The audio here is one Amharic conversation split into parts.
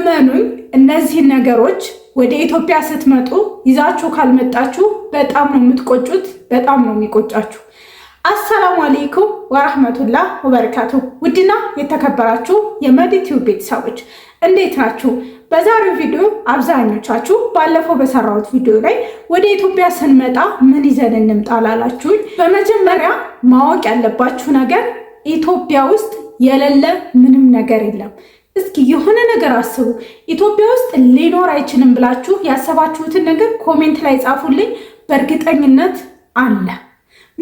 እመኑኝ እነዚህን ነገሮች ወደ ኢትዮጵያ ስትመጡ ይዛችሁ ካልመጣችሁ በጣም ነው የምትቆጩት፣ በጣም ነው የሚቆጫችሁ። አሰላሙ አሌይኩም ወራህመቱላህ ወበረካቱ። ውድና የተከበራችሁ የመዲቲው ቤተሰቦች እንዴት ናችሁ? በዛሬው ቪዲዮ አብዛኞቻችሁ ባለፈው በሰራሁት ቪዲዮ ላይ ወደ ኢትዮጵያ ስንመጣ ምን ይዘን እንምጣ ላላችሁኝ፣ በመጀመሪያ ማወቅ ያለባችሁ ነገር ኢትዮጵያ ውስጥ የሌለ ምንም ነገር የለም። እስኪ የሆነ ነገር አስቡ። ኢትዮጵያ ውስጥ ሊኖር አይችልም ብላችሁ ያሰባችሁትን ነገር ኮሜንት ላይ ጻፉልኝ። በእርግጠኝነት አለ።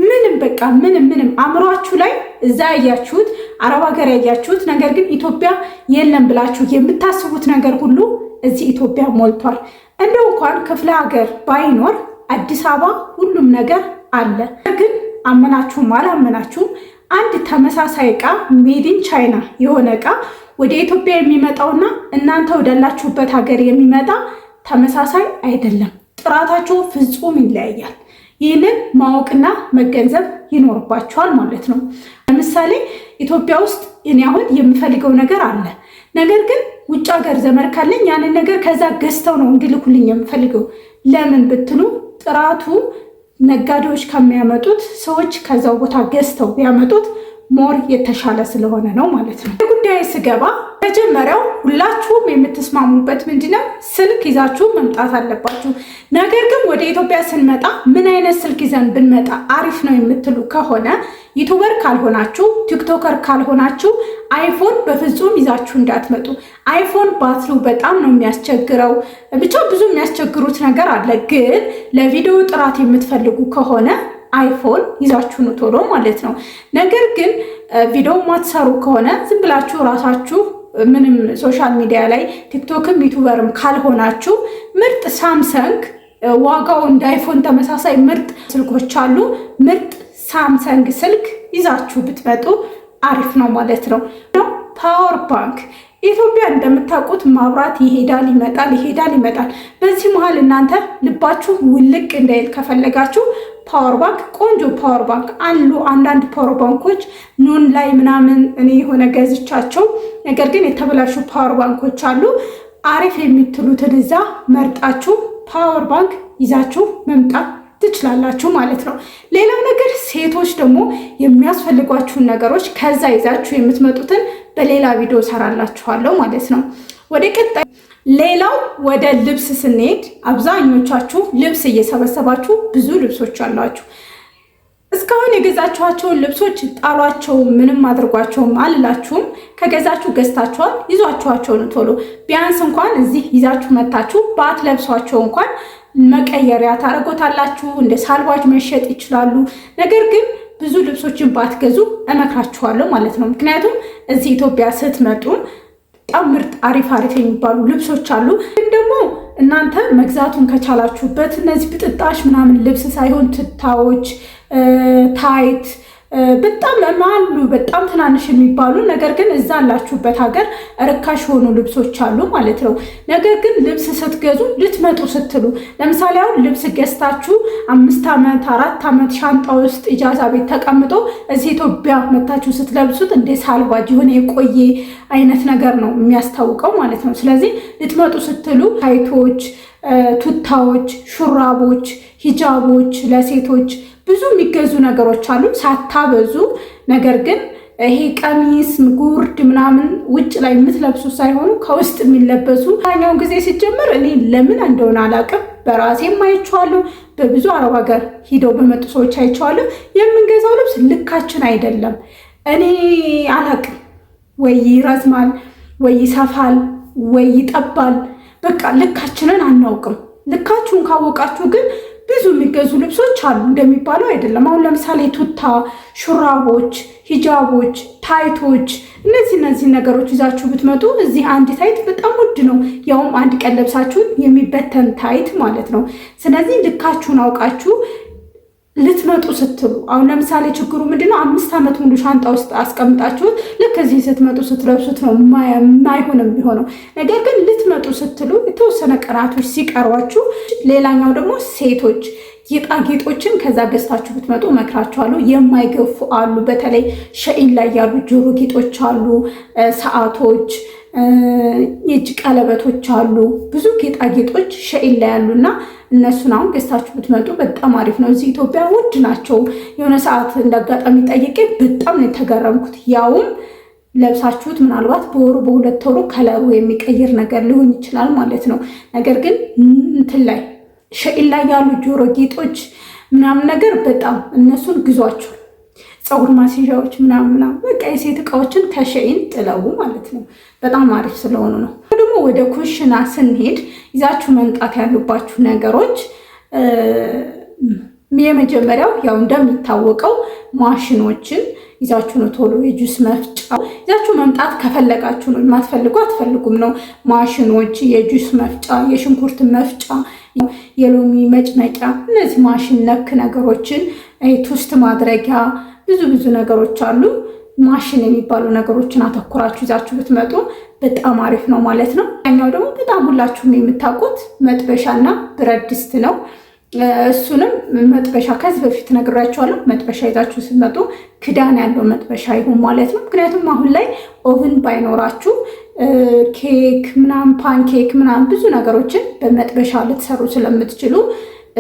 ምንም በቃ ምንም ምንም አእምሯችሁ ላይ እዛ ያያችሁት አረብ ሀገር ያያችሁት ነገር ግን ኢትዮጵያ የለም ብላችሁ የምታስቡት ነገር ሁሉ እዚህ ኢትዮጵያ ሞልቷል። እንደው እንኳን ክፍለ ሀገር ባይኖር አዲስ አበባ ሁሉም ነገር አለ። ግን አመናችሁም አላመናችሁም አንድ ተመሳሳይ ዕቃ ሜድን ቻይና የሆነ እቃ። ወደ ኢትዮጵያ የሚመጣውና እናንተ ወዳላችሁበት ሀገር የሚመጣ ተመሳሳይ አይደለም። ጥራታቸው ፍጹም ይለያያል። ይህንን ማወቅና መገንዘብ ይኖርባቸዋል ማለት ነው። ለምሳሌ ኢትዮጵያ ውስጥ እኔ አሁን የምፈልገው ነገር አለ። ነገር ግን ውጭ ሀገር ዘመድ ካለኝ ያንን ነገር ከዛ ገዝተው ነው እንዲልኩልኝ የምፈልገው። ለምን ብትሉ ጥራቱ ነጋዴዎች ከሚያመጡት ሰዎች ከዛው ቦታ ገዝተው ቢያመጡት ሞር የተሻለ ስለሆነ ነው ማለት ነው። ጉዳይ ስገባ መጀመሪያው ሁላችሁም የምትስማሙበት ምንድነው ነው? ስልክ ይዛችሁ መምጣት አለባችሁ። ነገር ግን ወደ ኢትዮጵያ ስንመጣ ምን አይነት ስልክ ይዘን ብንመጣ አሪፍ ነው የምትሉ ከሆነ ዩቱበር ካልሆናችሁ፣ ቲክቶከር ካልሆናችሁ አይፎን በፍጹም ይዛችሁ እንዳትመጡ። አይፎን ባትሪው በጣም ነው የሚያስቸግረው። ብቻ ብዙ የሚያስቸግሩት ነገር አለ። ግን ለቪዲዮ ጥራት የምትፈልጉ ከሆነ አይፎን ይዛችሁ ኑ ቶሎ ማለት ነው። ነገር ግን ቪዲዮ ማትሰሩ ከሆነ ዝም ብላችሁ ራሳችሁ ምንም ሶሻል ሚዲያ ላይ ቲክቶክም ዩቱበርም ካልሆናችሁ ምርጥ ሳምሰንግ ዋጋው እንደ አይፎን ተመሳሳይ ምርጥ ስልኮች አሉ። ምርጥ ሳምሰንግ ስልክ ይዛችሁ ብትመጡ አሪፍ ነው ማለት ነው። ፓወር ባንክ ኢትዮጵያ እንደምታውቁት ማብራት ይሄዳል ይመጣል፣ ይሄዳል ይመጣል። በዚህ መሀል እናንተ ልባችሁ ውልቅ እንዳይል ከፈለጋችሁ ፓወር ባንክ ቆንጆ ፓወር ባንክ አሉ። አንዳንድ ፓወር ባንኮች ኑን ላይ ምናምን እኔ የሆነ ገዝቻቸው፣ ነገር ግን የተበላሹ ፓወር ባንኮች አሉ። አሪፍ የምትሉትን እዛ መርጣችሁ ፓወር ባንክ ይዛችሁ መምጣት ትችላላችሁ ማለት ነው። ሌላው ነገር ሴቶች ደግሞ የሚያስፈልጓችሁን ነገሮች ከዛ ይዛችሁ የምትመጡትን በሌላ ቪዲዮ ሰራላችኋለሁ ማለት ነው። ወደ ቀጣይ ሌላው ወደ ልብስ ስንሄድ አብዛኞቻችሁ ልብስ እየሰበሰባችሁ ብዙ ልብሶች አሏችሁ። እስካሁን የገዛችኋቸውን ልብሶች ጣሏቸውም፣ ምንም አድርጓቸውም አልላችሁም። ከገዛችሁ ገዝታችኋል፣ ይዟችኋቸው ነው ቶሎ። ቢያንስ እንኳን እዚህ ይዛችሁ መታችሁ ባትለብሷቸው እንኳን መቀየሪያ ታደርጎታላችሁ። እንደ ሳልባጅ መሸጥ ይችላሉ። ነገር ግን ብዙ ልብሶችን ባትገዙ እመክራችኋለሁ ማለት ነው። ምክንያቱም እዚህ ኢትዮጵያ ስትመጡ በጣም ምርጥ አሪፍ አሪፍ የሚባሉ ልብሶች አሉ። ግን ደግሞ እናንተ መግዛቱን ከቻላችሁበት እነዚህ ብጥጣሽ ምናምን ልብስ ሳይሆን ትታዎች ታይት በጣም ለማሉ በጣም ትናንሽ የሚባሉ ነገር ግን እዛ ያላችሁበት ሀገር ርካሽ የሆኑ ልብሶች አሉ ማለት ነው። ነገር ግን ልብስ ስትገዙ ልትመጡ ስትሉ ለምሳሌ አሁን ልብስ ገዝታችሁ አምስት ዓመት አራት ዓመት ሻንጣ ውስጥ ኢጃዛ ቤት ተቀምጦ እዚህ ኢትዮጵያ መታችሁ ስትለብሱት እንደ ሳልባጅ የሆነ የቆየ አይነት ነገር ነው የሚያስታውቀው ማለት ነው። ስለዚህ ልትመጡ ስትሉ ታይቶች፣ ቱታዎች፣ ሹራቦች፣ ሂጃቦች ለሴቶች ብዙ የሚገዙ ነገሮች አሉ ሳታበዙ። ነገር ግን ይሄ ቀሚስ ጉርድ ምናምን ውጭ ላይ የምትለብሱ ሳይሆኑ ከውስጥ የሚለበሱ ኛውን ጊዜ ሲጀምር እኔ ለምን እንደሆነ አላውቅም። በራሴም አይቼዋለሁ። በብዙ አረብ ሀገር ሂደው በመጡ ሰዎች አይቼዋለሁ። የምንገዛው ልብስ ልካችን አይደለም። እኔ አላውቅም ወይ ይረዝማል፣ ወይ ይሰፋል፣ ወይ ይጠባል። በቃ ልካችንን አናውቅም። ልካችሁን ካወቃችሁ ግን ብዙ የሚገዙ ልብሶች አሉ። እንደሚባለው አይደለም። አሁን ለምሳሌ ቱታ፣ ሹራቦች፣ ሂጃቦች፣ ታይቶች እነዚህ እነዚህ ነገሮች ይዛችሁ ብትመጡ እዚህ አንድ ታይት በጣም ውድ ነው። ያውም አንድ ቀን ለብሳችሁን የሚበተን ታይት ማለት ነው። ስለዚህ ልካችሁን አውቃችሁ ልትመጡ ስትሉ አሁን ለምሳሌ ችግሩ ምንድነው? አምስት ዓመት ሙሉ ሻንጣ ውስጥ አስቀምጣችሁት ልክ እዚህ ስትመጡ ስትለብሱት ነው የማይሆንም የሚሆነው። ነገር ግን ልትመጡ ስትሉ የተወሰነ ቀናቶች ሲቀሯችሁ፣ ሌላኛው ደግሞ ሴቶች ጌጣጌጦችን ከዛ ገዝታችሁ ብትመጡ እመክራችኋለሁ። የማይገፉ አሉ። በተለይ ሸኢን ላይ ያሉ ጆሮ ጌጦች አሉ፣ ሰዓቶች የእጅ ቀለበቶች አሉ፣ ብዙ ጌጣጌጦች ሸኢል ላይ እና እነሱን አሁን ገዝታችሁ ብትመጡ በጣም አሪፍ ነው። እዚህ ኢትዮጵያ ውድ ናቸው። የሆነ ሰዓት እንዳጋጣሚ ጠይቄ በጣም ነው የተገረምኩት። ያውም ለብሳችሁት ምናልባት በወሩ በሁለት ወሩ ከለሩ የሚቀይር ነገር ሊሆን ይችላል ማለት ነው። ነገር ግን እንትን ላይ ሸኢል ላይ ያሉ ጆሮ ጌጦች ምናምን ነገር በጣም እነሱን ግዟቸው ፀጉር ማስያዣዎች ምናምና በቃ የሴት እቃዎችን ከሸይን ጥለው ማለት ነው። በጣም አሪፍ ስለሆኑ ነው። ደግሞ ወደ ኩሽና ስንሄድ ይዛችሁ መምጣት ያሉባችሁ ነገሮች የመጀመሪያው ያው እንደሚታወቀው ማሽኖችን ይዛችሁ ነው። ቶሎ የጁስ መፍጫ ይዛችሁ መምጣት ከፈለጋችሁ ነው። የማትፈልጉ አትፈልጉም ነው። ማሽኖች፣ የጁስ መፍጫ፣ የሽንኩርት መፍጫ፣ የሎሚ መጭመቂያ፣ እነዚህ ማሽን ነክ ነገሮችን ቱስት ማድረጊያ ብዙ ብዙ ነገሮች አሉ። ማሽን የሚባሉ ነገሮችን አተኩራችሁ ይዛችሁ ብትመጡ በጣም አሪፍ ነው ማለት ነው። ያኛው ደግሞ በጣም ሁላችሁም የምታውቁት መጥበሻና ብረት ድስት ነው። እሱንም መጥበሻ ከዚህ በፊት ነግራችኋለሁ። መጥበሻ ይዛችሁ ስትመጡ ክዳን ያለው መጥበሻ ይሁን ማለት ነው። ምክንያቱም አሁን ላይ ኦቭን ባይኖራችሁ ኬክ ምናምን፣ ፓንኬክ ምናምን ብዙ ነገሮችን በመጥበሻ ልትሰሩ ስለምትችሉ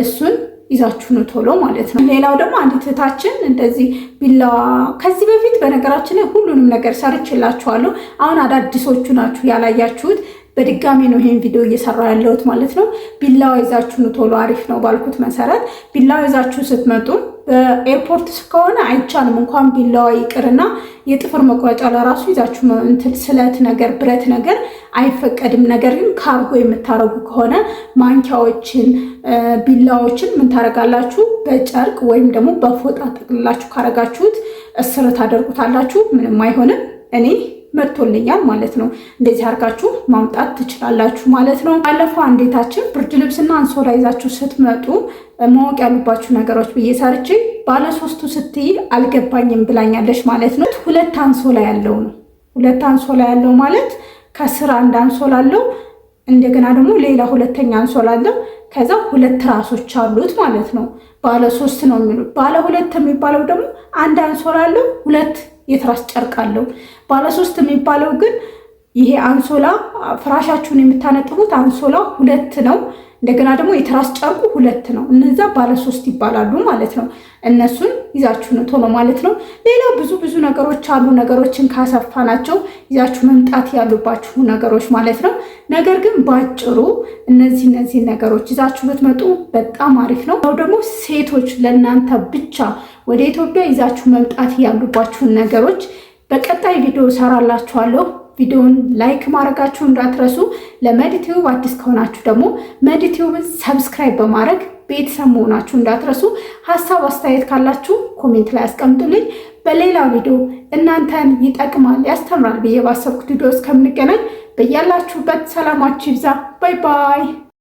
እሱን ይዛችሁ ነው ቶሎ ማለት ነው። ሌላው ደግሞ አንድ እህታችን እንደዚህ ቢላዋ ከዚህ በፊት በነገራችን ላይ ሁሉንም ነገር ሰርችላችኋለሁ። አሁን አዳዲሶቹ ናችሁ ያላያችሁት በድጋሚ ነው ይሄን ቪዲዮ እየሰራ ያለሁት ማለት ነው። ቢላዋ ይዛችሁ ቶሎ አሪፍ ነው ባልኩት መሰረት ቢላዋ ይዛችሁ ስትመጡ ኤርፖርት ከሆነ አይቻልም። እንኳን ቢላዋ ይቅርና የጥፍር መቁረጫ ለራሱ ይዛችሁ እንትን ስለት ነገር ብረት ነገር አይፈቀድም። ነገር ግን ካርጎ የምታረጉ ከሆነ ማንኪያዎችን፣ ቢላዎችን ምን ታረጋላችሁ? በጨርቅ ወይም ደግሞ በፎጣ ጠቅልላችሁ ካረጋችሁት እስር ታደርጉታላችሁ። ምንም አይሆንም። እኔ መጥቶልኛል ማለት ነው። እንደዚህ አድርጋችሁ ማምጣት ትችላላችሁ ማለት ነው። ባለፈው አንዴታችን ብርድ ልብስና አንሶላ ይዛችሁ ስትመጡ ማወቅ ያሉባችሁ ነገሮች ብዬ ሰርቼ ባለ ስትይ አልገባኝም ብላኛለች ማለት ነው። ሁለት አንሶላ ያለው ነው። ሁለት አንሶላ ያለው ማለት ከስር አንድ አንሶላ አለው፣ እንደገና ደግሞ ሌላ ሁለተኛ አንሶላ አለው። ከዛ ሁለት ራሶች አሉት ማለት ነው። ባለ ሶስት ነው የሚሉት። ባለ ሁለት የሚባለው ደግሞ አንድ አንሶላ አለው ሁለት የትራስ ጨርቅ አለው። ባለሶስት የሚባለው ግን ይሄ አንሶላ ፍራሻችሁን የምታነጥፉት አንሶላ ሁለት ነው። እንደገና ደግሞ የትራስ ጨርቁ ሁለት ነው። እነዛ ባለ ሶስት ይባላሉ ማለት ነው። እነሱን ይዛችሁ ነው ቶሎ ማለት ነው። ሌላ ብዙ ብዙ ነገሮች አሉ። ነገሮችን ካሰፋ ናቸው ይዛችሁ መምጣት ያሉባችሁ ነገሮች ማለት ነው። ነገር ግን ባጭሩ እነዚህ እነዚህ ነገሮች ይዛችሁ ብትመጡ በጣም አሪፍ ነው። ያው ደግሞ ሴቶች ለእናንተ ብቻ ወደ ኢትዮጵያ ይዛችሁ መምጣት ያሉባችሁን ነገሮች በቀጣይ ቪዲዮ ሰራላችኋለሁ። ቪዲዮን ላይክ ማድረጋችሁ እንዳትረሱ። ለመዲቲዩብ አዲስ ከሆናችሁ ደግሞ መዲቲዩብን ሰብስክራይብ በማድረግ ቤተሰብ መሆናችሁ እንዳትረሱ። ሀሳብ አስተያየት ካላችሁ ኮሜንት ላይ አስቀምጡልኝ። በሌላ ቪዲዮ እናንተን ይጠቅማል፣ ያስተምራል ብዬ ባሰብኩት ቪዲዮ እስከምንገናኝ በያላችሁበት ሰላማችሁ ይብዛ። ባይ ባይ